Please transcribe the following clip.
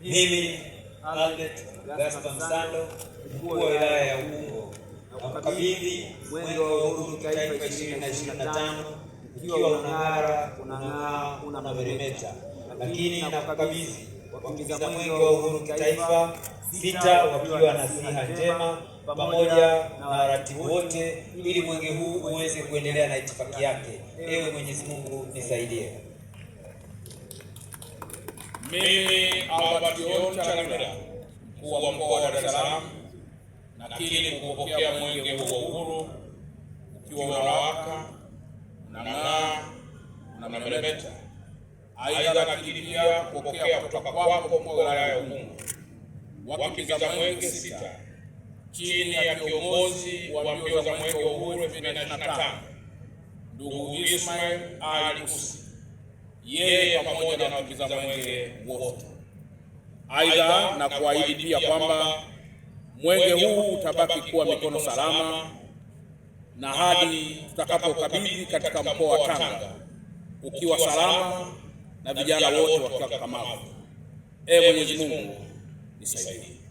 Mimi Albert Gaston Sando, mkuu wa wilaya ya Ubungo, nakukabidhi mwenge wa uhuru kitaifa ishirini na ishirini na tano ukiwa unang'ara, unang'aa, unameremeta. Lakini nakukabidhi wakimbiza mwenge wa uhuru kitaifa sita wakiwa na siha njema pamoja na waratibu wote, ili mwenge huu uweze kuendelea na itifaki yake. Ewe Mwenyezi Mungu nisaidie. Mimi Albert John Chalamila mkuu wa mkoa wa Dar es Salaam nakiri kupokea mwenge huu wa uhuru ukiwa unawaka unang'aa unameremeta. Aidha, nakiri pia kupokea kutoka kwako mkuu wa wilaya ya Ubungo waki za mwenge sita chini ya kiongozi wa mbio za mwenge wa uhuru 2025 ndugu Ismail Ali Kusi yeye pamoja na wakimbiza mwenge wote. Aidha, na kuahidi pia kwamba mwenge huu utabaki kuwa mikono salama na hadi tutakapokabidhi katika mkoa wa Tanga ukiwa salama na vijana wote wakiwa kamavu. Ee Mwenyezi Mungu nisaidie.